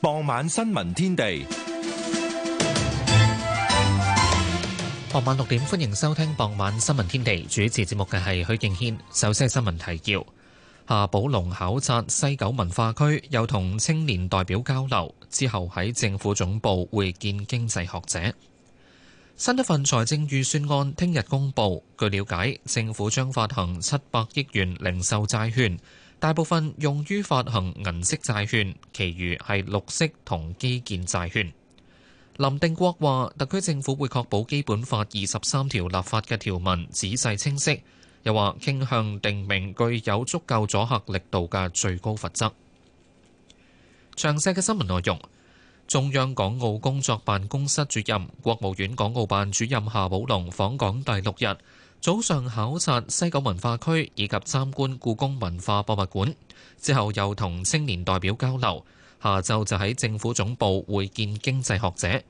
傍晚新聞天地，傍晚六點，歡迎收聽傍晚新聞天地。主持節目嘅係許敬軒。首先係新聞提要：夏寶龍考察西九文化區，又同青年代表交流，之後喺政府總部會見經濟學者。新一份財政預算案聽日公布。據了解，政府將發行七百億元零售債券。大部分用於發行銀色債券，其餘係綠色同基建債券。林定國話特區政府會確保《基本法》二十三條立法嘅條文仔細清晰，又話傾向定明具有足夠阻嚇力度嘅最高法則。詳細嘅新聞內容，中央港澳工作辦公室主任、國務院港澳辦主任夏寶龍訪港第六日。早上考察西九文化區以及參觀故宮文化博物館，之後又同青年代表交流。下晝就喺政府總部會見經濟學者，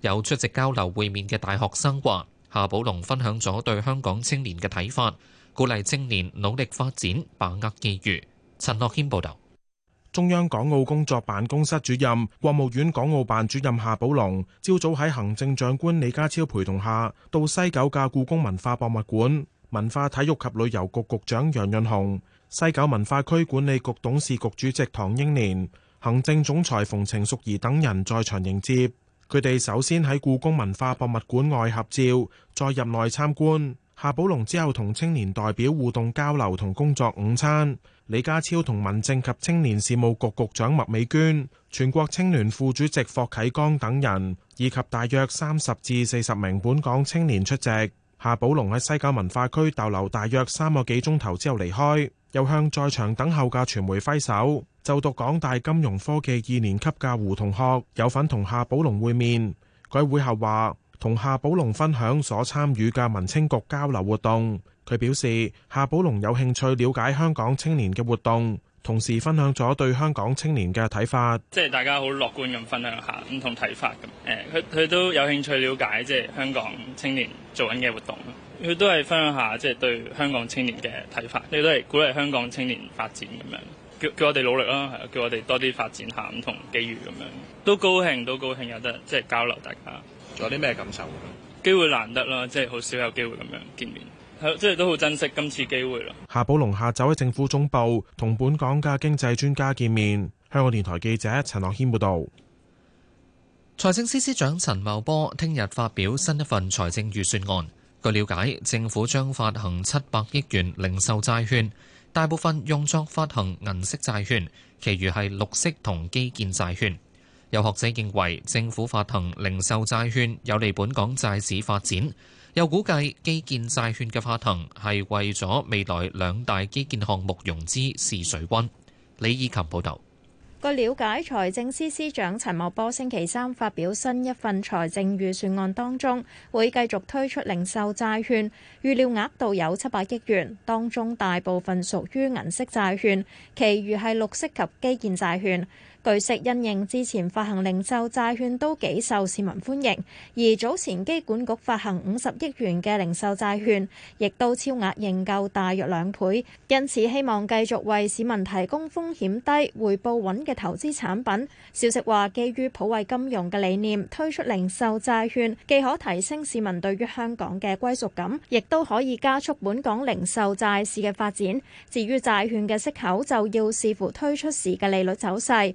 有出席交流會面嘅大學生話夏寶龍分享咗對香港青年嘅睇法，鼓勵青年努力發展，把握機遇。陳樂謙報道。中央港澳工作辦公室主任、國務院港澳辦主任夏寶龍，朝早喺行政長官李家超陪同下，到西九嘅故宮文化博物館，文化體育及旅遊局局長楊潤雄、西九文化區管理局董事局主席唐英年、行政總裁馮程淑儀等人在場迎接。佢哋首先喺故宮文化博物館外合照，再入內參觀。夏寶龍之後同青年代表互動交流同工作午餐。李家超同民政及青年事務局局長麥美娟、全國青聯副主席霍啟剛等人，以及大約三十至四十名本港青年出席。夏寶龍喺西九文化區逗留大約三個幾鐘頭之後離開，又向在場等候嘅傳媒揮手。就讀港大金融科技二年級嘅胡同學有份同夏寶龍會面，佢會後話同夏寶龍分享所參與嘅民青局交流活動。佢表示夏寶龍有興趣了解香港青年嘅活動，同時分享咗對香港青年嘅睇法，即係大家好樂觀咁分享下唔同睇法咁。誒，佢佢都有興趣了解即係香港青年做緊嘅活動，佢都係分享下即係對香港青年嘅睇法，亦都係鼓勵香港青年發展咁樣，叫叫我哋努力啦，係叫我哋多啲發展下唔同機遇咁樣。都高興，都高興有得即係交流，大家仲有啲咩感受？機會難得啦，即係好少有機會咁樣見面。即係都好珍惜今次機會咯。夏寶龍下晝喺政府總部同本港嘅經濟專家見面。香港電台記者陳樂軒報導。財政司司長陳茂波聽日發表新一份財政預算案。據了解，政府將發行七百億元零售債券，大部分用作發行銀色債券，其餘係綠色同基建債券。有學者認為，政府發行零售債券有利本港債市發展。又估計基建債券嘅發行係為咗未來兩大基建項目融資試水溫。李以琴報道，據了解，財政司司長陳茂波星期三發表新一份財政預算案，當中會繼續推出零售債券，預料額度有七百億元，當中大部分屬於銀色債券，其餘係綠色及基建債券。據悉，因應之前發行零售債券都幾受市民歡迎，而早前機管局發行五十億元嘅零售債券，亦都超額認購大約兩倍，因此希望繼續為市民提供風險低、回報穩嘅投資產品。消息話，基於普惠金融嘅理念推出零售債券，既可提升市民對於香港嘅歸屬感，亦都可以加速本港零售債市嘅發展。至於債券嘅息口，就要視乎推出時嘅利率走勢。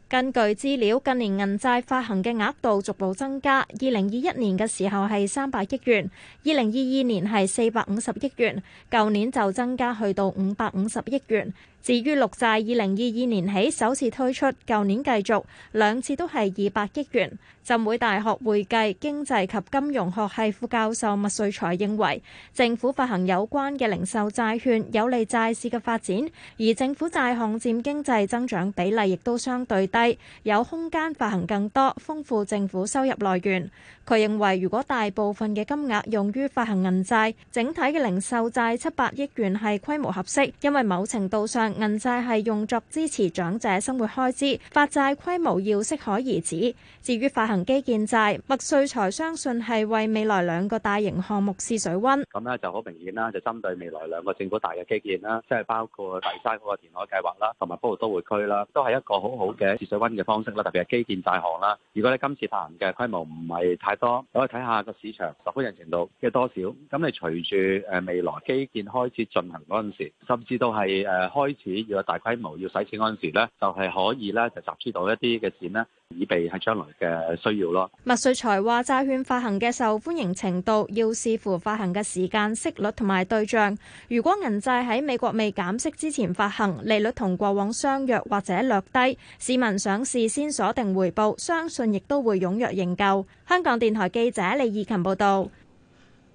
根據資料，近年銀債發行嘅額度逐步增加。二零二一年嘅時候係三百億元，二零二二年係四百五十億元，舊年就增加去到五百五十億元。至於綠債，二零二二年起首次推出，舊年繼續，兩次都係二百億元。浸會大學會計經濟及金融學系副教授麥瑞才認為，政府發行有關嘅零售債券有利債市嘅發展，而政府債項佔經濟增長比例亦都相對低。有空間發行更多，豐富政府收入來源。佢認為如果大部分嘅金額用於發行銀債，整體嘅零售債七百億元係規模合適，因為某程度上銀債係用作支持長者生活開支，發債規模要適可而止。至於發行基建債，麥瑞才相信係為未來兩個大型項目試水温。咁咧就好明顯啦，就針對未來兩個政府大嘅基建啦，即係包括大沙嗰個填海計劃啦，同埋北部都會區啦，都係一個好好嘅。降温嘅方式啦，特別係基建大行啦。如果你今次發行嘅規模唔係太多，你可以睇下個市場受歡迎程度嘅多少。咁你隨住誒未來基建開始進行嗰陣時，甚至到係誒開始要有大規模要使錢嗰陣時咧，就係、是、可以咧就集資到一啲嘅錢咧。以備係將來嘅需要咯。麥瑞才話：債券發行嘅受歡迎程度要視乎發行嘅時間、息率同埋對象。如果銀債喺美國未減息之前發行，利率同過往相若或者略低，市民想事先鎖定回報，相信亦都會踊躍認購。香港電台記者李義勤報道。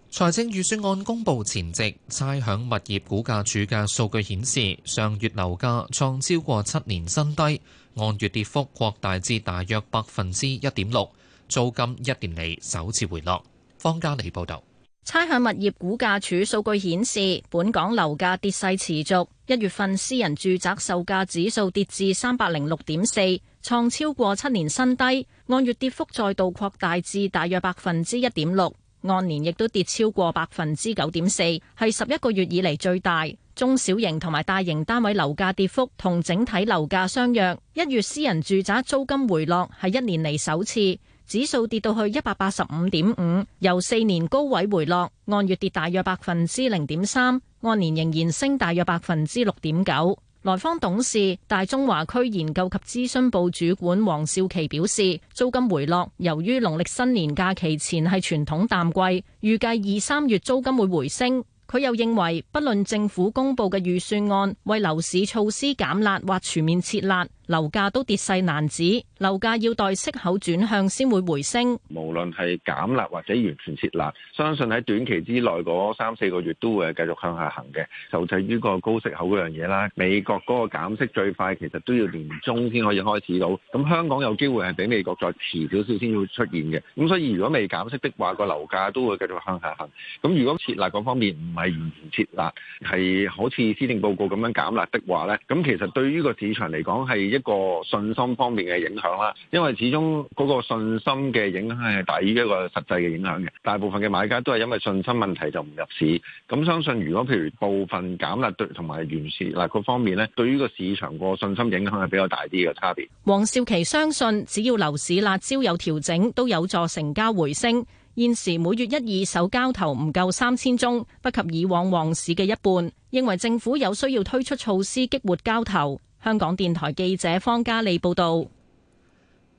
財政預算案公佈前夕，差餉物業估價署嘅數據顯示，上月樓價創超過七年新低。按月跌幅擴大至大約百分之一點六，租金一年嚟首次回落。方家莉報導。差餉物業估價署數據顯示，本港樓價跌勢持續。一月份私人住宅售價指數跌至三百零六點四，創超過七年新低。按月跌幅再度擴大至大約百分之一點六，按年亦都跌超過百分之九點四，係十一個月以嚟最大。中小型同埋大型單位樓價跌幅同整體樓價相若。一月私人住宅租金回落係一年嚟首次，指數跌到去一百八十五點五，由四年高位回落，按月跌大約百分之零點三，按年仍然升大約百分之六點九。萊坊董事大中華區研究及諮詢部主管黃少琪表示，租金回落，由於農曆新年假期前係傳統淡季，預計，預計二三月租金會回升。佢又認為，不論政府公布嘅預算案為樓市措施減辣或全面撤辣，樓價都跌勢難止，樓價要待息口轉向先會回升。無論係減辣或者完全撤辣，相信喺短期之內嗰三四個月都會繼續向下行嘅，受制於個高息口嗰樣嘢啦。美國嗰個減息最快其實都要年中先可以開始到，咁香港有機會係比美國再遲少少先會出現嘅。咁所以如果未減息的話，個樓價都會繼續向下行。咁如果撤辣嗰方面唔係完全撤辣，係好似施政報告咁樣減辣的話呢，咁其實對於個市場嚟講係一。一個信心方面嘅影響啦，因為始終嗰個信心嘅影響係大於一個實際嘅影響嘅。大部分嘅買家都係因為信心問題就唔入市。咁相信如果譬如，譬如部分減辣對，同埋完善辣招方面呢，對於個市場個信心影響係比較大啲嘅差別。黃少琪相信，只要樓市辣招有調整，都有助成交回升。現時每月一二手交投唔夠三千宗，不及以往旺市嘅一半。認為政府有需要推出措施激活交投。香港電台記者方嘉莉報道，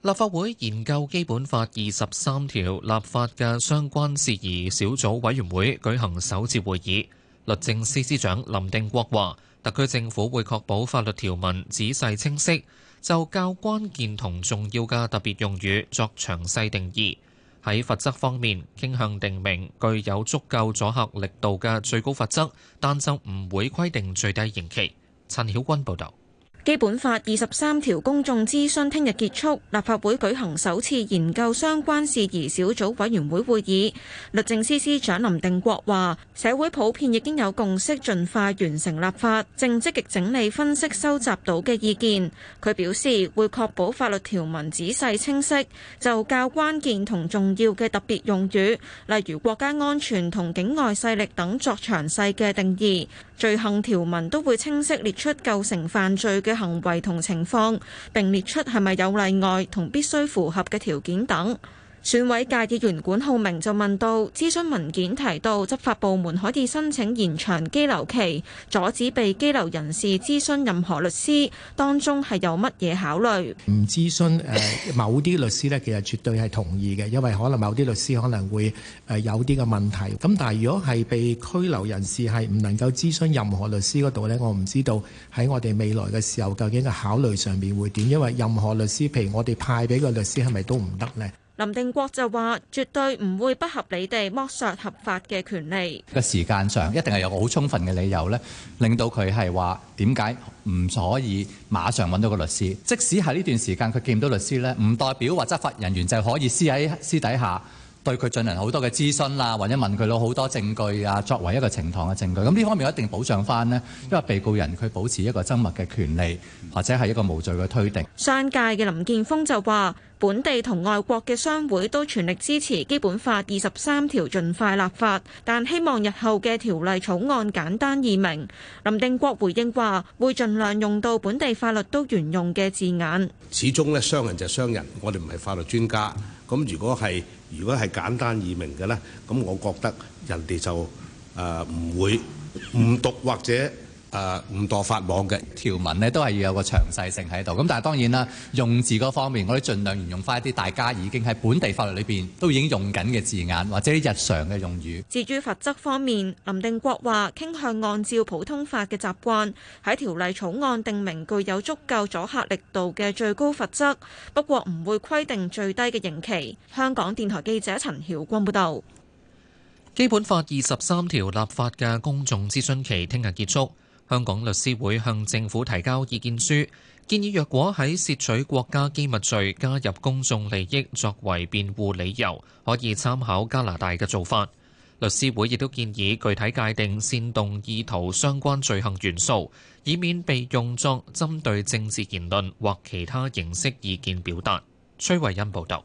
立法會研究《基本法》二十三條立法嘅相關事宜小組委員會舉行首次會議。律政司司長林定國話，特區政府會確保法律條文仔細清晰，就較關鍵同重要嘅特別用語作詳細定義。喺罰則方面，傾向訂明具有足夠阻嚇力度嘅最高罰則，但就唔會規定最低刑期。陳曉君報道。《基本法》二十三條公眾諮詢聽日結束，立法會舉行首次研究相關事宜小組委員會會議。律政司司長林定國話：社會普遍已經有共識，盡快完成立法，正積極整理分析收集到嘅意見。佢表示會確保法律條文仔細清晰，就較關鍵同重要嘅特別用語，例如國家安全同境外勢力等，作詳細嘅定義。罪行條文都會清晰列出構成犯罪嘅行為同情況，並列出係咪有例外同必須符合嘅條件等。選委界議員管浩明就問到：諮詢文件提到執法部門可以申請延長拘留期，阻止被拘留人士諮詢任何律師，當中係有乜嘢考慮？唔諮詢誒某啲律師呢，其實絕對係同意嘅，因為可能某啲律師可能會誒有啲嘅問題。咁但係如果係被拘留人士係唔能夠諮詢任何律師嗰度呢？我唔知道喺我哋未來嘅時候究竟嘅考慮上面會點，因為任何律師，譬如我哋派俾個律師係咪都唔得呢？林定國就話：絕對唔會不合理地剝削合法嘅權利。個時間上一定係有好充分嘅理由咧，令到佢係話點解唔可以馬上揾到個律師。即使喺呢段時間佢見唔到律師咧，唔代表話執法人員就可以私喺私底下。對佢進行好多嘅諮詢啦，或者問佢攞好多證據啊，作為一個呈堂嘅證據。咁呢方面一定保障翻咧，因為被告人佢保持一個緘默嘅權利，或者係一個無罪嘅推定。商界嘅林健鋒就話：本地同外國嘅商會都全力支持《基本法》二十三條盡快立法，但希望日後嘅條例草案簡單易明。林定國回應話：會盡量用到本地法律都沿用嘅字眼。始終咧，商人就係商人，我哋唔係法律專家，咁如果係。如果係簡單易明嘅呢，咁我覺得人哋就、呃、唔會誤讀或者。誒唔多法網嘅條文呢，都係要有個詳細性喺度。咁但係當然啦，用字嗰方面，我哋盡量沿用翻一啲大家已經喺本地法律裏邊都已經用緊嘅字眼，或者日常嘅用語。至於罰則方面，林定國話傾向按照普通法嘅習慣喺條例草案定明具有足夠阻嚇力度嘅最高罰則，不過唔會規定最低嘅刑期。香港電台記者陳曉光報道。基本法二十三條立法嘅公眾諮詢期聽日結束。香港律師會向政府提交意見書，建議若果喺竊取國家機密罪加入公眾利益作為辯護理由，可以參考加拿大嘅做法。律師會亦都建議具體界定煽動意圖相關罪行元素，以免被用作針對政治言論或其他形式意見表達。崔惠恩報道。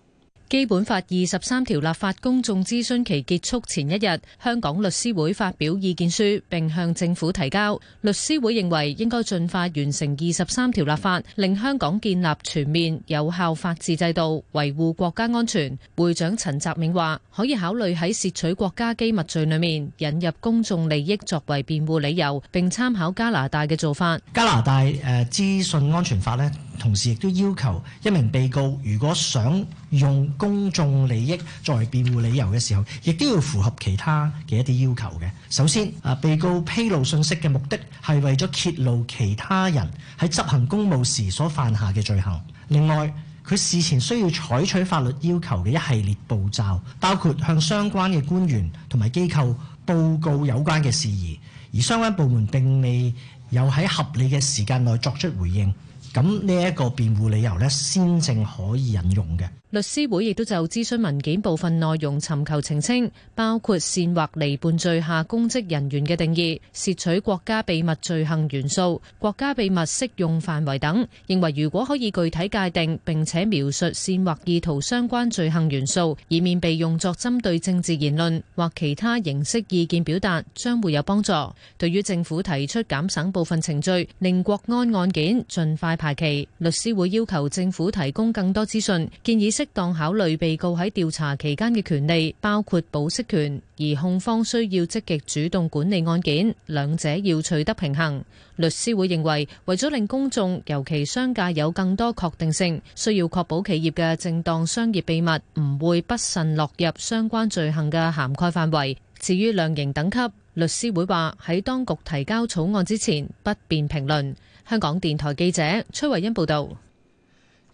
基本法二十三條立法公眾諮詢期結束前一日，香港律師會發表意見書，並向政府提交。律師會認為應該盡快完成二十三條立法，令香港建立全面有效法治制度，維護國家安全。會長陳澤銘話，可以考慮喺竊取國家機密罪裏面引入公眾利益作為辯護理由，並參考加拿大嘅做法。加拿大誒，資、呃、訊安全法呢，同時，亦都要求一名被告，如果想用公眾利益作為辯護理由嘅時候，亦都要符合其他嘅一啲要求嘅。首先，啊，被告披露信息嘅目的係為咗揭露其他人喺執行公務時所犯下嘅罪行。另外，佢事前需要採取法律要求嘅一系列步驟，包括向相關嘅官員同埋機構報告有關嘅事宜，而相關部門並未有喺合理嘅時間內作出回應。咁呢一個辯護理由咧，先正可以引用嘅。律師會亦都就諮詢文件部分內容尋求澄清，包括煽惑離叛罪下公職人員嘅定義、竊取國家秘密罪行元素、國家秘密適用範圍等。認為如果可以具體界定，並且描述煽惑意圖相關罪行元素，以免被用作針對政治言論或其他形式意見表達，將會有幫助。對於政府提出減省部分程序，令國安案件盡快排期，律師會要求政府提供更多資訊，建議。適當考慮被告喺調查期間嘅權利，包括保釋權；而控方需要積極主動管理案件，兩者要取得平衡。律師會認為，為咗令公眾，尤其商界有更多確定性，需要確保企業嘅正當商業秘密，唔會不慎落入相關罪行嘅涵蓋範圍。至於量刑等級，律師會話，喺當局提交草案之前，不便評論。香港電台記者崔慧欣報道。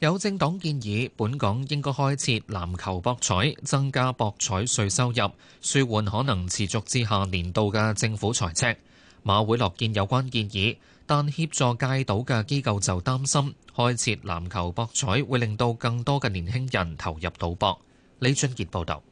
有政黨建議，本港應該開設籃球博彩，增加博彩稅收入，舒緩可能持續至下年度嘅政府財赤。馬會樂見有關建議，但協助戒賭嘅機構就擔心開設籃球博彩會令到更多嘅年輕人投入賭博。李俊傑報導。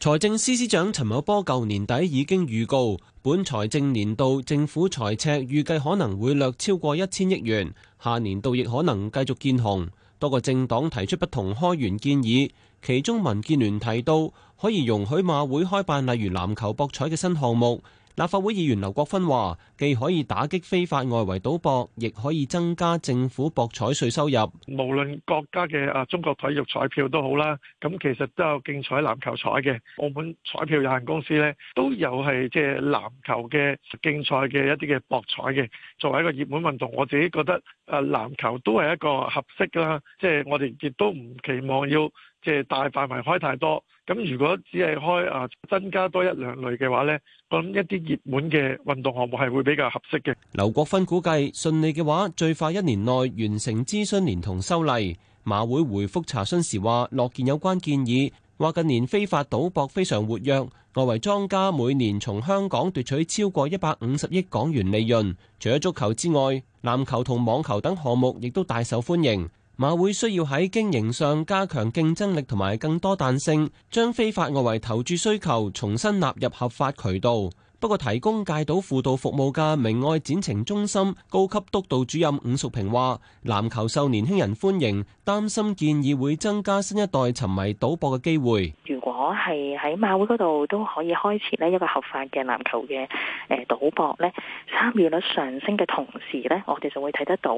財政司司長陳茂波舊年底已經預告，本財政年度政府財赤預計可能會略超過一千億元，下年度亦可能繼續見紅。多個政黨提出不同開源建議。其中，民建聯提到可以容許馬會開辦例如籃球博彩嘅新項目。立法會議員劉國芬話，既可以打擊非法外圍賭博，亦可以增加政府博彩稅收入。無論國家嘅啊中國體育彩票都好啦，咁其實都有競彩籃球彩嘅澳門彩票有限公司呢，都有係，即係籃球嘅競賽嘅一啲嘅博彩嘅。作為一個熱門運動，我自己覺得誒，籃球都係一個合適啦。即係我哋亦都唔期望要。即係大範圍開太多，咁如果只係開啊增加多一兩類嘅話，咧，咁一啲熱門嘅運動項目係會比較合適嘅。劉國芬估計順利嘅話，最快一年內完成諮詢連同修例。馬會回覆查詢時話樂見有關建議，話近年非法賭博非常活躍，外圍莊家每年從香港奪取超過一百五十億港元利潤，除咗足球之外，籃球同網球等項目亦都大受歡迎。馬會需要喺經營上加強競爭力同埋更多彈性，將非法外圍投注需求重新納入合法渠道。不過，提供戒賭輔導服務嘅明愛展情中心高級督導主任伍淑平話，籃球受年輕人歡迎，擔心建議會增加新一代沉迷賭博嘅機會。如果係喺馬會嗰度都可以開設呢一個合法嘅籃球嘅誒賭博咧，參與率上升嘅同時咧，我哋就會睇得到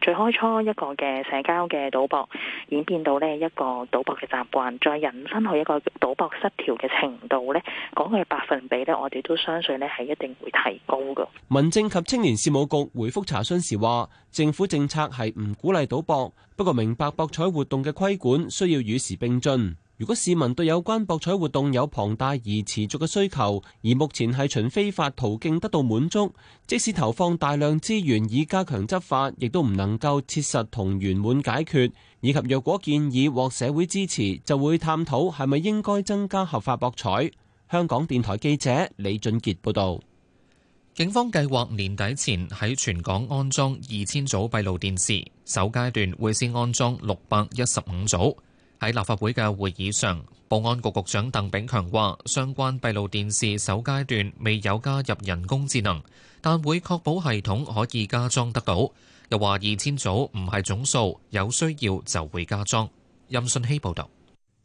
最開初一個嘅社交嘅賭博演變到呢一個賭博嘅習慣，再引申去一個賭博失調嘅程度咧，講嘅百分比咧，我哋都相信呢係一定會提高噶。民政及青年事務局回覆查詢時話，政府政策係唔鼓勵賭博，不過明白博彩活動嘅規管需要與時並進。如果市民對有關博彩活動有龐大而持續嘅需求，而目前係循非法途徑得到滿足，即使投放大量資源以加強執法，亦都唔能夠切實同圓滿解決。以及若果建議獲社會支持，就會探討係咪應該增加合法博彩。香港電台記者李俊傑報道。警方計劃年底前喺全港安裝二千組閉路電視，首階段會先安裝六百一十五組。喺立法會嘅會議上，保安局局長鄧炳強話：相關閉路電視首階段未有加入人工智能，但會確保系統可以加裝得到。又話二千組唔係總數，有需要就會加裝。任信希報導。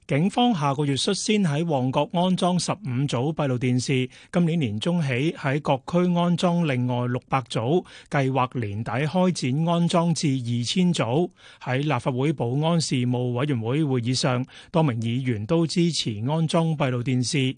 警方下個月率先喺旺角安裝十五組閉路電視，今年年中起喺各區安裝另外六百組，計劃年底開展安裝至二千組。喺立法會保安事務委員會會議上，多名議員都支持安裝閉路電視。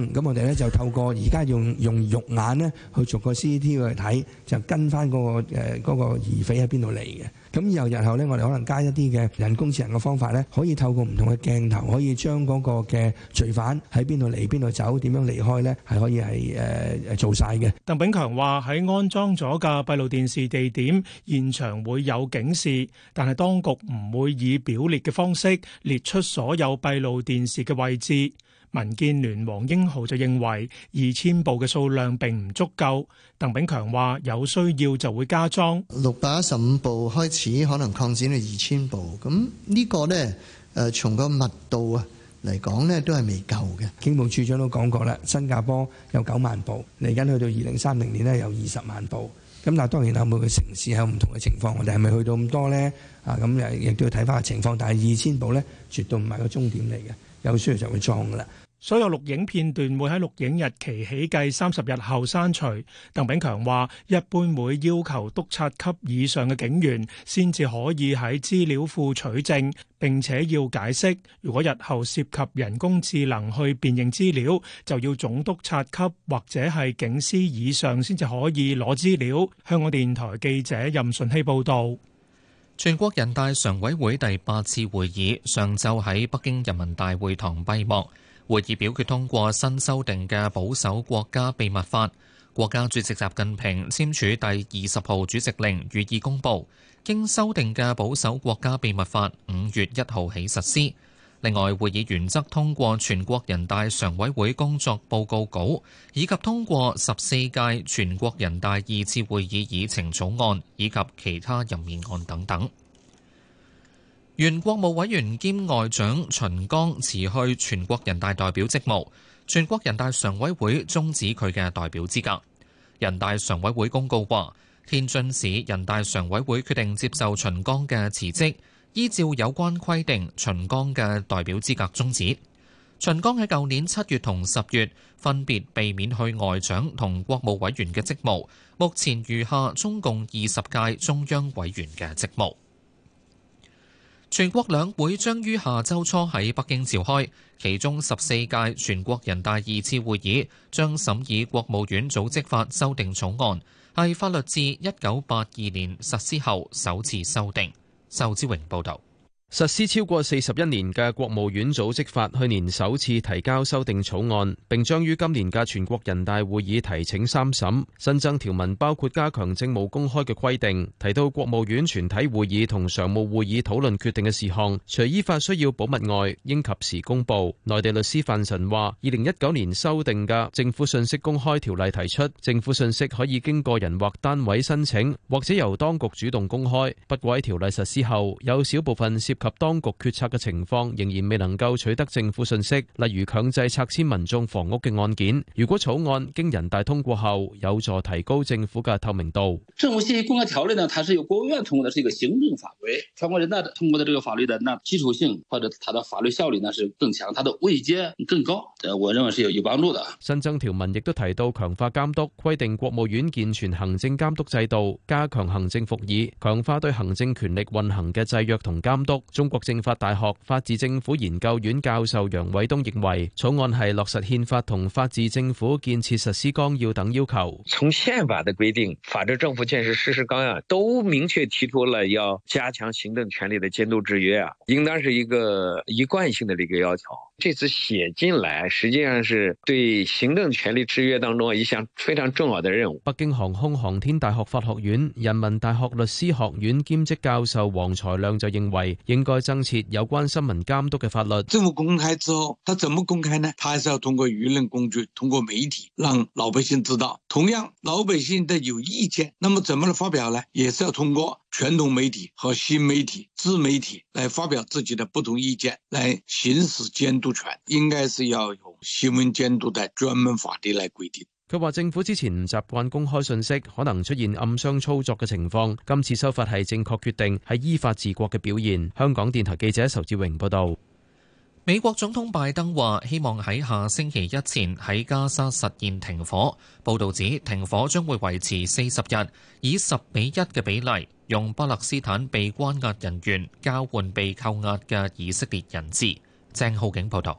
咁我哋咧就透過而家用用肉眼咧去做個 CCTV 去睇，就跟翻嗰個誒嗰個疑匪喺邊度嚟嘅。咁以後日後咧，我哋可能加一啲嘅人工智能嘅方法咧，可以透過唔同嘅鏡頭，可以將嗰個嘅罪犯喺邊度嚟、邊度走、點樣離開咧，係可以係誒誒做曬嘅。鄧炳強話：喺安裝咗架閉路電視地點，現場會有警示，但係當局唔會以表列嘅方式列出所有閉路電視嘅位置。民建聯黃英豪就認為二千部嘅數量並唔足夠。鄧炳強話有需要就會加裝六百一十五部開始，可能擴展到二千部。咁呢個咧誒，從個密度啊嚟講咧，都係未夠嘅。警務處長都講過啦，新加坡有九萬部，嚟緊去到二零三零年咧有二十萬部。咁但係當然啊，每個城市有唔同嘅情況，我哋係咪去到咁多咧？啊，咁亦亦都要睇翻個情況。但係二千部咧，絕對唔係個終點嚟嘅，有需要就會裝噶啦。所有錄影片段會喺錄影日期起計三十日後刪除。鄧炳強話：一般會要求督察級以上嘅警員先至可以喺資料庫取證，並且要解釋。如果日後涉及人工智能去辨認資料，就要總督察級或者係警司以上先至可以攞資料。香港電台記者任順希報道。全國人大常委會第八次會議上晝喺北京人民大會堂閉幕。會議表決通過新修訂嘅《保守國家秘密法》，國家主席習近平簽署第二十號主席令予以公布。經修訂嘅《保守國家秘密法》五月一號起實施。另外，會議原則通過全國人大常委會工作報告稿，以及通過十四屆全國人大二次會議議程草案以及其他任免案等等。原國務委員兼外長秦剛辭去全國人大代表職務，全國人大常委會終止佢嘅代表資格。人大常委會公告話，天津市人大常委會決定接受秦剛嘅辭職，依照有關規定，秦剛嘅代表資格終止。秦剛喺舊年七月同十月分別被免去外長同國務委員嘅職務，目前餘下中共二十屆中央委員嘅職務。全國兩會將於下周初喺北京召開，其中十四屆全國人大二次會議將審議《國務院組織法》修訂草案，係法律自一九八二年實施後首次修訂。仇志榮報導。實施超過四十一年嘅國務院組織法，去年首次提交修訂草案，並將於今年嘅全國人大會議提請三審。新增條文包括加強政務公開嘅規定，提到國務院全體會議同常務會議討論決定嘅事項，除依法需要保密外，應及時公布。內地律師范晨話，二零一九年修訂嘅政府信息公開條例提出，政府信息可以經個人或單位申請，或者由當局主動公開。不過喺條例實施後，有少部分涉及當局決策嘅情況仍然未能夠取得政府信息，例如強制拆遷民眾房屋嘅案件。如果草案經人大通過後，有助提高政府嘅透明度。政府信息公開條例呢，它是由國務院通過的，是一個行政法規。全國人大通過的這個法律呢，那基礎性或者它的法律效力呢是更強，它的位階更高。我認為是有有幫助的。新增條文亦都提到強化監督，規定國務院健全行政監督制度，加強行政復議，強化對行政權力運行嘅制約同監督。中國政法大學法治政府研究院教授楊偉東認為，草案係落實憲法同法治政府建設實施綱要等要求。從憲法的規定、法治政府建設實施綱要都明確提出了要加強行政權力的監督制約啊，應當是一個一貫性的一個要求。這次寫進來，實際上是對行政權力制約當中一項非常重要的任務。北京航空航天大學法學院、人民大學律師學院兼職教授王才亮就認為，應。應該增設有關新聞監督的法律。政府公開之後，它怎麼公開呢？它還是要通過輿論工具、通過媒體，讓老百姓知道。同樣，老百姓的有意見，那麼怎麼來發表呢？也是要通過傳統媒體和新媒體、自媒體來發表自己的不同意見，來行使監督權。應該是要用新聞監督的專門法律來規定。佢話：政府之前唔習慣公開信息，可能出現暗箱操作嘅情況。今次修法係正確決定，係依法治國嘅表現。香港電台記者仇志榮報道。美國總統拜登話：希望喺下星期一前喺加沙實現停火。報道指停火將會維持四十日，以十比一嘅比例用巴勒斯坦被關押人員交換被扣押嘅以色列人質。鄭浩景報道。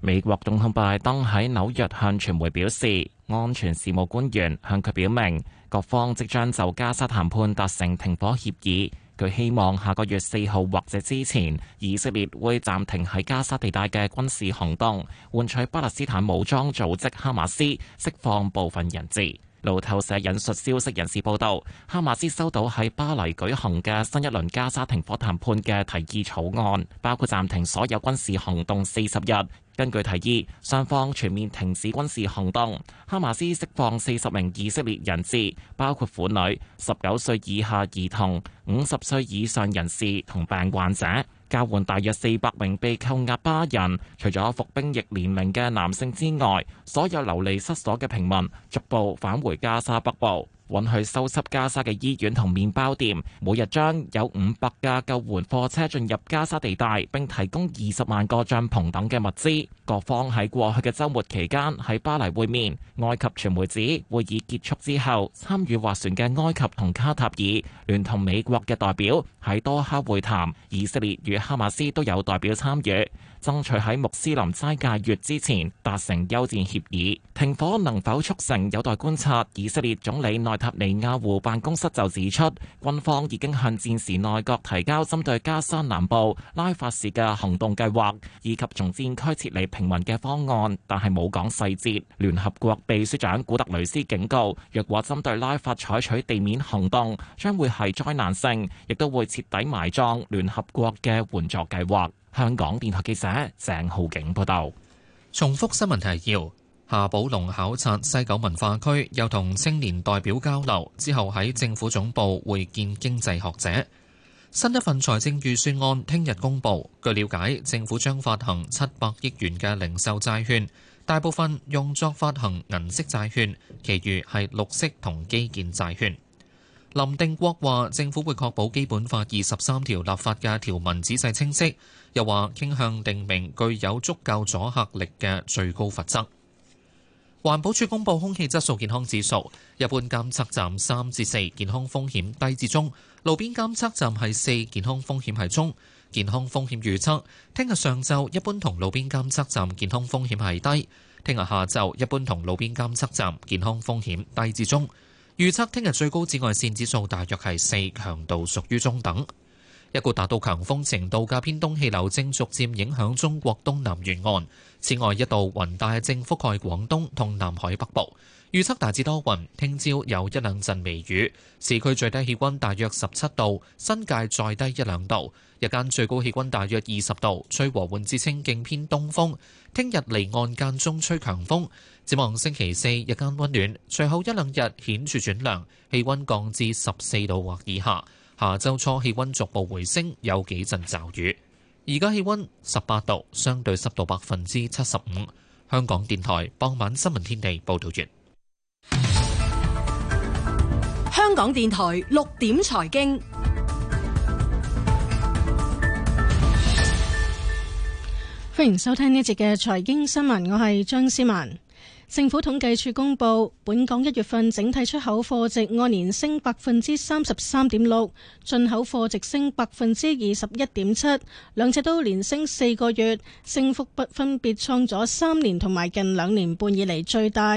美國總統拜登喺紐約向傳媒表示，安全事務官員向佢表明，各方即將就加沙談判達成停火協議。佢希望下個月四號或者之前，以色列會暫停喺加沙地帶嘅軍事行動，換取巴勒斯坦武裝組織哈馬斯釋放部分人質。路透社引述消息人士報道，哈馬斯收到喺巴黎舉行嘅新一輪加沙停火談判嘅提議草案，包括暫停所有軍事行動四十日。根據提議，雙方全面停止軍事行動，哈馬斯釋放四十名以色列人士，包括婦女、十九歲以下兒童、五十歲以上人士同病患者。交換大約四百名被扣押巴人，除咗服兵役年齡嘅男性之外，所有流離失所嘅平民逐步返回加沙北部。允許收葺加沙嘅醫院同麵包店，每日將有五百架救援貨車進入加沙地帶，並提供二十萬個帳篷等嘅物資。各方喺過去嘅週末期間喺巴黎會面。埃及傳媒指會議結束之後，參與划船嘅埃及同卡塔爾聯同美國嘅代表喺多哈會談，以色列與哈馬斯都有代表參與。爭取喺穆斯林齋戒月之前達成休戰協議，停火能否促成有待觀察。以色列總理內塔尼亞胡辦公室就指出，軍方已經向戰時內閣提交針對加沙南部拉法市嘅行動計劃，以及從戰區撤離平民嘅方案，但係冇講細節。聯合國秘書長古特雷斯警告，若果針對拉法採取地面行動，將會係災難性，亦都會徹底埋葬聯合國嘅援助計劃。香港電台記者鄭浩景報道。重複新聞提要：夏寶龍考察西九文化區，又同青年代表交流，之後喺政府總部會見經濟學者。新一份財政預算案聽日公布。據了解，政府將發行七百億元嘅零售債券，大部分用作發行銀色債券，其餘係綠色同基建債券。林定國話：政府會確保《基本法》二十三條立法嘅條文仔細清晰，又話傾向定明具有足夠阻嚇力嘅最高罰則。環保署公布空氣質素健康指數，一般監測站三至四，健康風險低至中；路邊監測站係四，健康風險係中。健康風險預測：聽日上晝一般同路邊監測站健康風險係低；聽日下晝一般同路邊監測站健康風險低至中。預測聽日最高紫外線指數大約係四，強度屬於中等。一股達到強風程度嘅偏東氣流正逐漸影響中國東南沿岸，此外一道雲帶正覆蓋廣東同南海北部。預測大致多雲，聽朝有一兩陣微雨，市區最低氣溫大約十七度，新界再低一兩度。日間最高氣溫大約二十度，吹和緩至清勁偏東風。聽日離岸間中吹強風。展望星期四日間溫暖，隨後一兩日顯著轉涼，氣溫降至十四度或以下。下周初氣溫逐步回升，有幾陣驟雨。而家氣溫十八度，相對濕度百分之七十五。香港電台傍晚新聞天地報道完。香港電台六點財經，歡迎收聽呢節嘅財經新聞，我係張思文。政府統計處公布，本港一月份整體出口貨值按年升百分之三十三點六，進口貨值升百分之二十一點七，兩者都連升四個月，升幅不分別創咗三年同埋近兩年半以嚟最大。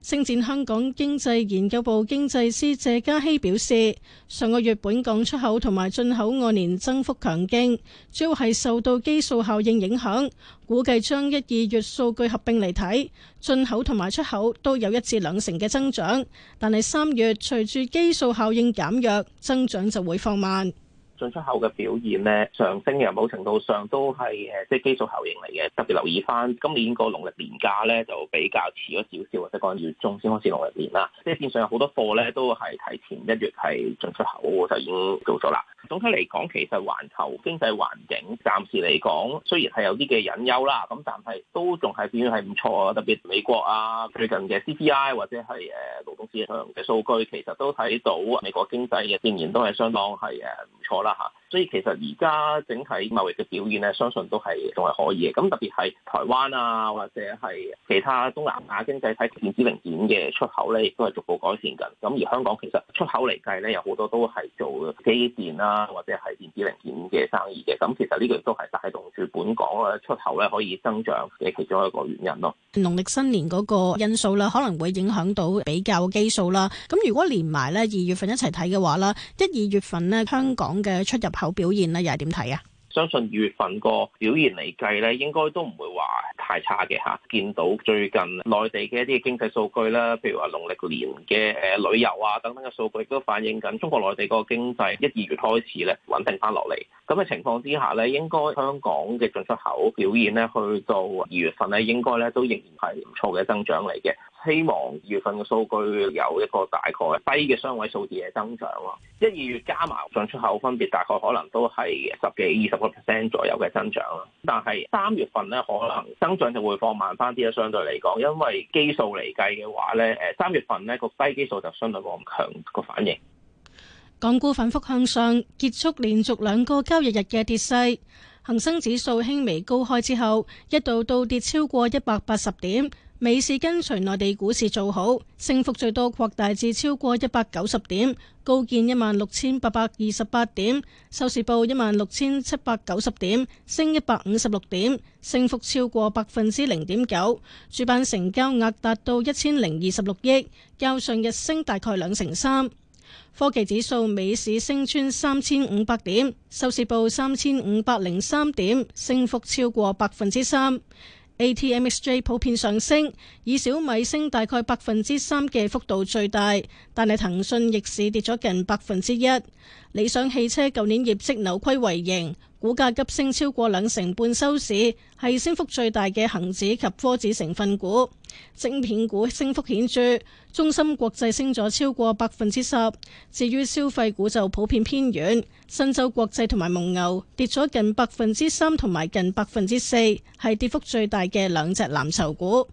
星展香港經濟研究部經濟師謝嘉熙表示，上個月本港出口同埋進口按年增幅強勁，主要係受到基數效應影響。估計將一、二月數據合併嚟睇，進口同埋出口都有一至兩成嘅增長，但係三月隨住基數效應減弱，增長就會放慢。進出口嘅表現咧上升，嘅某程度上都係誒即係基數效應嚟嘅。特別留意翻今年個農曆年假咧，就比較遲咗少少，或者講月中先開始農曆年啦。即係變相有好多貨咧，都係提前一月係進出口就已經做咗啦。總體嚟講，其實環球經濟環境暫時嚟講，雖然係有啲嘅隱憂啦，咁但係都仲係表現係唔錯啊！特別美國啊，最近嘅 CPI 或者係誒勞動市場嘅數據，其實都睇到美國經濟嘅仍然都係相當係誒唔錯啦嚇。所以其實而家整體貿易嘅表現咧，相信都係仲係可以嘅。咁特別係台灣啊，或者係其他東南亞經濟體電子零件嘅出口咧，亦都係逐步改善緊。咁而香港其實出口嚟計咧，有好多都係做機電啦。或者係電子零件嘅生意嘅，咁其實呢個亦都係帶動住本港嘅出口咧可以增長嘅其中一個原因咯。農曆新年嗰個因素啦，可能會影響到比較基數啦。咁如果連埋咧二月份一齊睇嘅話啦，一二月份呢，香港嘅出入口表現呢，又係點睇啊？相信二月份個表現嚟計咧，應該都唔會話太差嘅嚇。見到最近內地嘅一啲經濟數據啦，譬如話農曆年嘅誒旅遊啊等等嘅數據，亦都反映緊中國內地個經濟一二月開始咧穩定返落嚟。咁嘅情況之下咧，應該香港嘅進出口表現咧，去到二月份咧，應該咧都仍然係唔錯嘅增長嚟嘅。希望二月份嘅數據有一個大概低嘅雙位數字嘅增長咯，一二月加埋進出口分別大概可能都係十幾二十個 percent 左右嘅增長咯。但係三月份呢，可能增長就會放慢翻啲咯。相對嚟講，因為基數嚟計嘅話呢，誒三月份呢個低基數就相對冇咁強個反應。港股反覆向上，結束連續兩個交易日嘅跌勢，恒生指數輕微高開之後，一度倒跌超過一百八十點。美市跟隨內地股市做好，升幅最多擴大至超過一百九十點，高見一萬六千八百二十八點，收市報一萬六千七百九十點，升一百五十六點，升幅超過百分之零點九。主板成交額達到一千零二十六億，較上日升大概兩成三。科技指數美市升穿三千五百點，收市報三千五百零三點，升幅超過百分之三。A.T.M.X.J 普遍上升，以小米升大概百分之三嘅幅度最大，但係騰訊逆市跌咗近百分之一。理想汽車舊年業績扭虧為盈。股價急升超過兩成半，收市係升幅最大嘅恒指及科指成分股。晶片股升幅顯著，中芯國際升咗超過百分之十。至於消費股就普遍偏軟，申洲國際同埋蒙牛跌咗近百分之三，同埋近百分之四，係跌幅最大嘅兩隻藍籌股。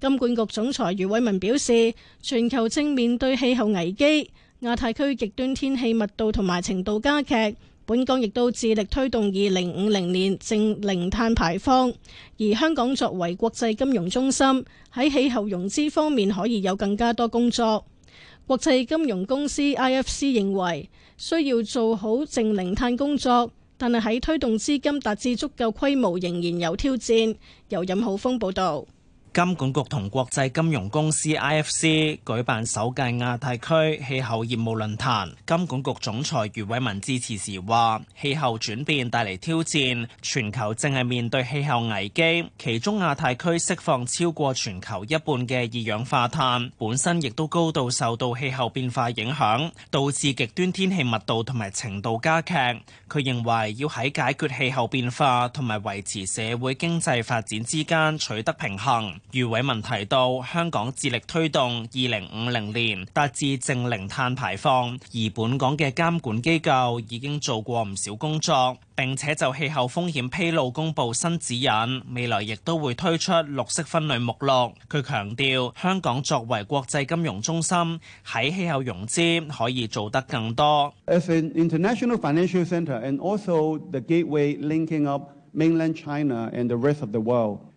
金管局總裁余偉文表示，全球正面對氣候危機，亞太區極端天氣密度同埋程度加劇。本港亦都致力推動二零五零年淨零碳排放，而香港作為國際金融中心，喺氣候融資方面可以有更加多工作。國際金融公司 IFC 認為，需要做好淨零碳工作，但係喺推動資金達至足夠規模仍然有挑戰。由任浩峰報道。金管局同國際金融公司 IFC 舉辦首屆亞太區氣候業務論壇。金管局總裁余偉文致辭時話，氣候轉變帶嚟挑戰，全球正係面對氣候危機，其中亞太區釋放超過全球一半嘅二氧化碳，本身亦都高度受到氣候變化影響，導致極端天氣密度同埋程度加劇。佢認為要喺解決氣候變化同埋維持社會經濟發展之間取得平衡。余偉文提到，香港致力推動二零五零年達至淨零碳排放，而本港嘅監管機構已經做過唔少工作，並且就氣候風險披露公佈新指引，未來亦都會推出綠色分類目錄。佢強調，香港作為國際金融中心，喺氣候融資可以做得更多。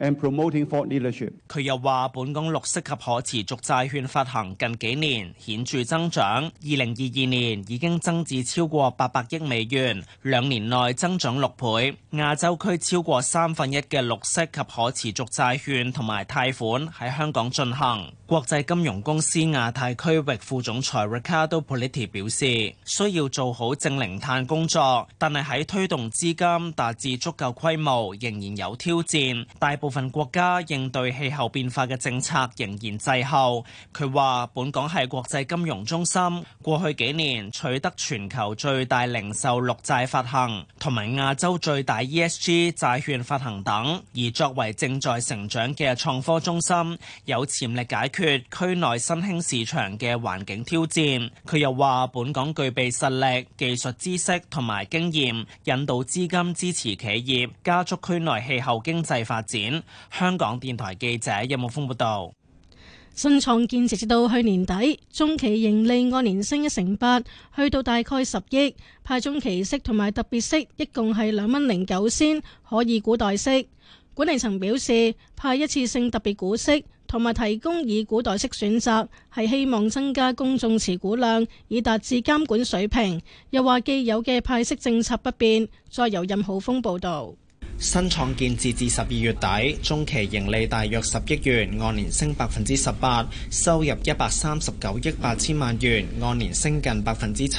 佢又話，本港綠色及可持續債券發行近幾年顯著增長，二零二二年已經增至超過八百億美元，兩年內增長六倍。亞洲區超過三分一嘅綠色及可持續債券同埋貸款喺香港進行。國際金融公司亞太區域副總裁 Ricardo Politi 表示，需要做好正零碳工作，但係喺推動資金達至足夠規模，仍然有挑戰。大部部分國家應對氣候變化嘅政策仍然滯後。佢話，本港係國際金融中心，過去幾年取得全球最大零售綠債發行同埋亞洲最大 ESG 債券發行等。而作為正在成長嘅創科中心，有潛力解決區內新興市場嘅環境挑戰。佢又話，本港具備實力、技術知識同埋經驗，引導資金支持企業，加速區內氣候經濟發展。香港電台記者任浩峰報道：新創建截至到去年底中期盈利按年升一成八，去到大概十億，派中期息同埋特別息，一共係兩蚊零九仙，可以股代息。管理層表示派一次性特別股息同埋提供以股代息選擇，係希望增加公眾持股量，以達至監管水平。又話既有嘅派息政策不變，再由任浩峰報道。新創建截至十二月底，中期盈利大約十億元，按年升百分之十八；收入一百三十九億八千萬元，按年升近百分之七。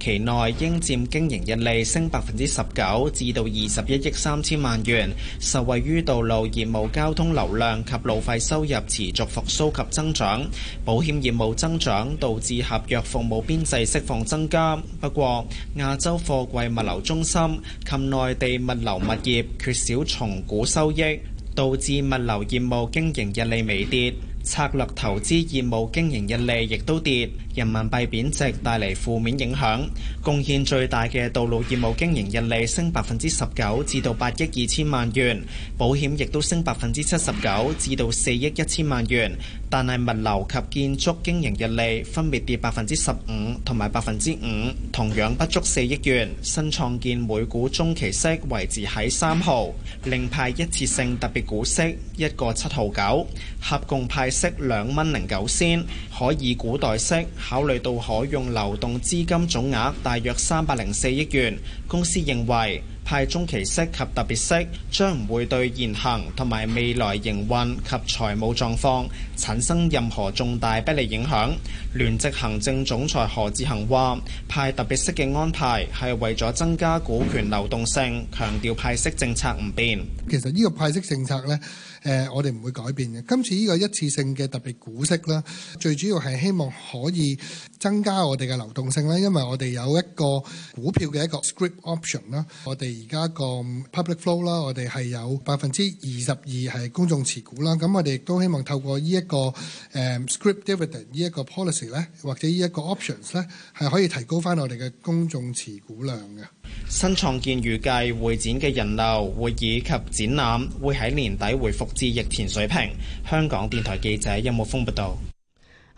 期內應佔經營溢利升百分之十九，至到二十一億三千萬元，受惠於道路業務交通流量及路費收入持續復甦及增長，保險業務增長導致合約服務邊際釋放增加。不過，亞洲貨櫃物流中心及內地物流物業。缺少重估收益，導致物流業務經營日利微跌，策略投資業務經營日利亦都跌，人民幣貶值帶嚟負面影響。貢獻最大嘅道路業務經營日利升百分之十九，至到八億二千萬元；保險亦都升百分之七十九，至到四億一千萬元。但係物流及建築經營日利分別跌百分之十五同埋百分之五，同樣不足四億元。新創建每股中期息維持喺三毫，另派一次性特別股息一個七毫九，合共派息兩蚊零九仙，可以股代息。考慮到可用流動資金總額大約三百零四億元，公司認為，派中期息及特別息將唔會對現行同埋未來營運及財務狀況產生任何重大不利影響。聯席行政總裁何志恒話：派特別息嘅安排係為咗增加股權流動性，強調派息政策唔變。其實呢個派息政策咧，誒、呃，我哋唔會改變嘅。今次呢個一次性嘅特別股息啦，最主要係希望可以。增加我哋嘅流動性啦，因為我哋有一個股票嘅一個 scrip option 啦。我哋而家個 public flow 啦，我哋係有百分之二十二係公眾持股啦。咁我哋亦都希望透過呢一個誒 scrip dividend 呢一個 policy 咧，或者呢一個 options 咧，係可以提高翻我哋嘅公眾持股量嘅。新創建預計會展嘅人流、會議及展覽會喺年底回復至疫前水平。香港電台記者任木風報道。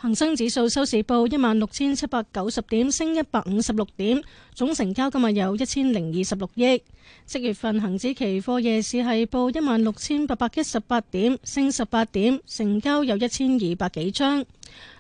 恒生指數收市報一萬六千七百九十點，升一百五十六點，總成交今日有一千零二十六億。七月份恒指期貨夜市係報一萬六千八百一十八點，升十八點，成交有一千二百幾張。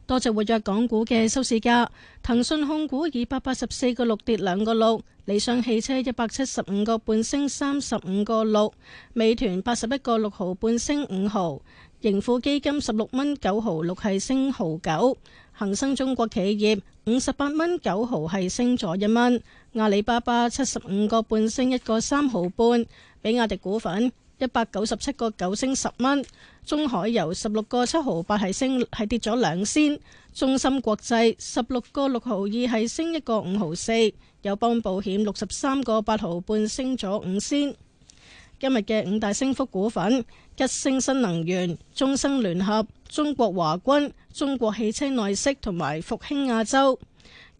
多隻活躍港股嘅收市價，騰訊控股二百八十四個六跌兩個六，理想汽車一百七十五個半升三十五個六，美團八十一個六毫半升五毫。盈富基金十六蚊九毫六係升毫九，恒生中國企業五十八蚊九毫係升咗一蚊，阿里巴巴七十五個半升一個三毫半，比亞迪股份一百九十七個九升十蚊，中海油十六個七毫八係升係跌咗兩仙，中芯國際十六個六毫二係升一個五毫四，友邦保險六十三個八毫半升咗五仙。今日嘅五大升幅股份：吉星新能源、中生聯合、中國華軍、中國汽車內飾同埋復興亞洲。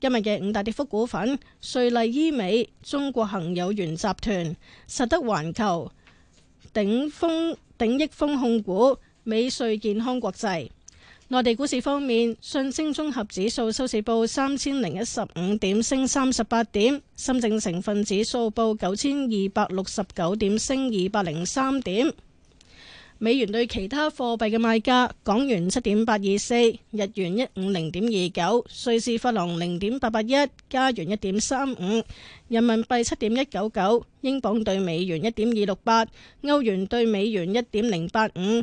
今日嘅五大跌幅股份：瑞麗醫美、中國恒有源集團、實德環球、頂峰、鼎益豐控股、美瑞健康國際。內地股市方面，上證綜合指數收市報三千零一十五點，升三十八點；深證成分指數報九千二百六十九點，升二百零三點。美元對其他貨幣嘅賣價：港元七點八二四，日元一五零點二九，瑞士法郎零點八八一，加元一點三五，人民幣七點一九九，英鎊兌美元一點二六八，歐元兌美元一點零八五。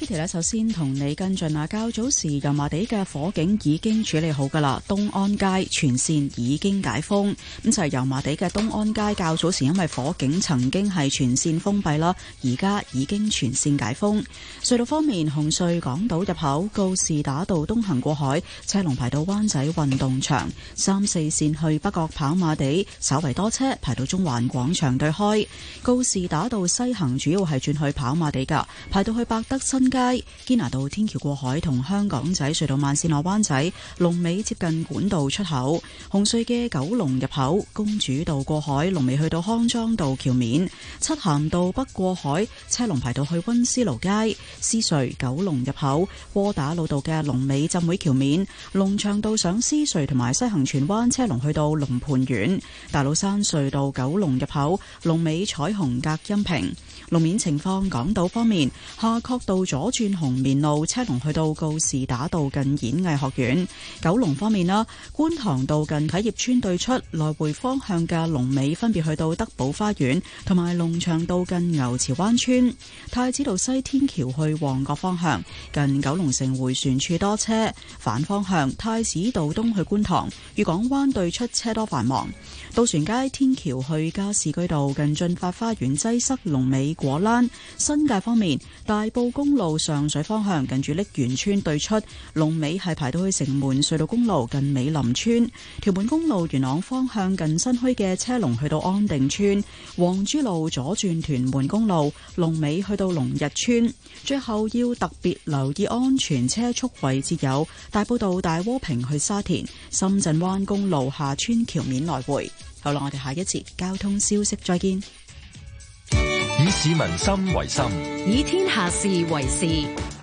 Kitty 咧，首先同你跟進啊！較早時油麻地嘅火警已經處理好噶啦，東安街全線已經解封。咁就係油麻地嘅東安街，較早時因為火警曾經係全線封閉啦，而家已經全線解封。隧道方面，紅隧港島入口告士打道東行過海，車龍排到灣仔運動場；三四線去北角跑馬地，稍為多車，排到中環廣場對開。告士打道西行主要係轉去跑馬地噶，排到去百德新街堅拿道天橋過海同香港仔隧道慢線落灣仔龍尾接近管道出口，紅隧嘅九龍入口公主道過海龍尾去到康莊道橋面，漆咸道北過海車龍排到去溫思勞街，獅隧九龍入口窩打老道嘅龍尾浸會橋面，龍翔道上獅隧同埋西行荃灣車龍去到龍蟠苑，大老山隧道九龍入口龍尾彩虹隔音屏。路面情況，港島方面，夏慤道左轉紅棉路，車龍去到告士打道近演藝學院。九龍方面啦，觀塘道近啟業邨對出來回方向嘅龍尾分別去到德寶花園同埋龍翔道近牛池灣村。太子道西天橋去旺角方向，近九龍城迴旋處多車。反方向太子道東去觀塘裕港灣對出車多繁忙。渡船街天橋去加士居道近駿發花園擠塞龍尾果欄，新界方面，大埔公路上水方向近住瀝源村對出龍尾係排到去城門隧道公路近美林村，屯門公路元朗方向近新墟嘅車龍去到安定村，黃珠路左轉屯門公路龍尾去到龍日村，最後要特別留意安全車速位置，有大埔道大窩坪去沙田、深圳灣公路下村橋面來回。好啦，我哋下一節交通消息，再見。市民心為心，以天下事為事。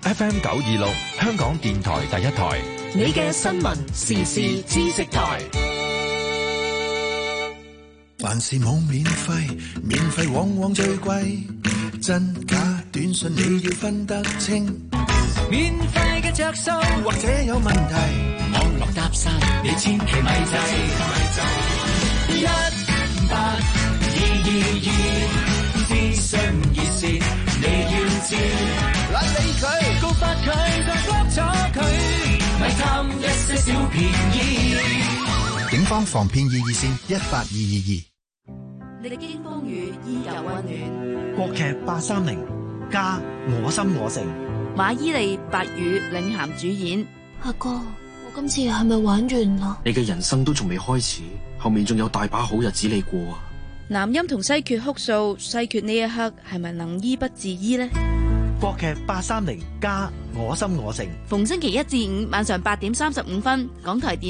FM 九二六，香港電台第一台，你嘅新聞時事知識台。凡事冇免費，免費往往最貴。真假短信你要分得清。免費嘅著數或者有問題，網絡搭訕你千祈咪制咪制。一八二二二。意你知告發貪一小便宜警方防騙熱線一八二二二。歷經風雨依舊温暖。國劇八三零加我心我性。馬伊琍白宇領銜主演。阿哥，我今次係咪玩完啦？你嘅人生都仲未開始，後面仲有大把好日子你過啊！男音同西決哭訴，西決呢一刻係咪能醫不自醫呢？國劇八三零加我心我城，逢星期一至五晚上八點三十五分，港台電。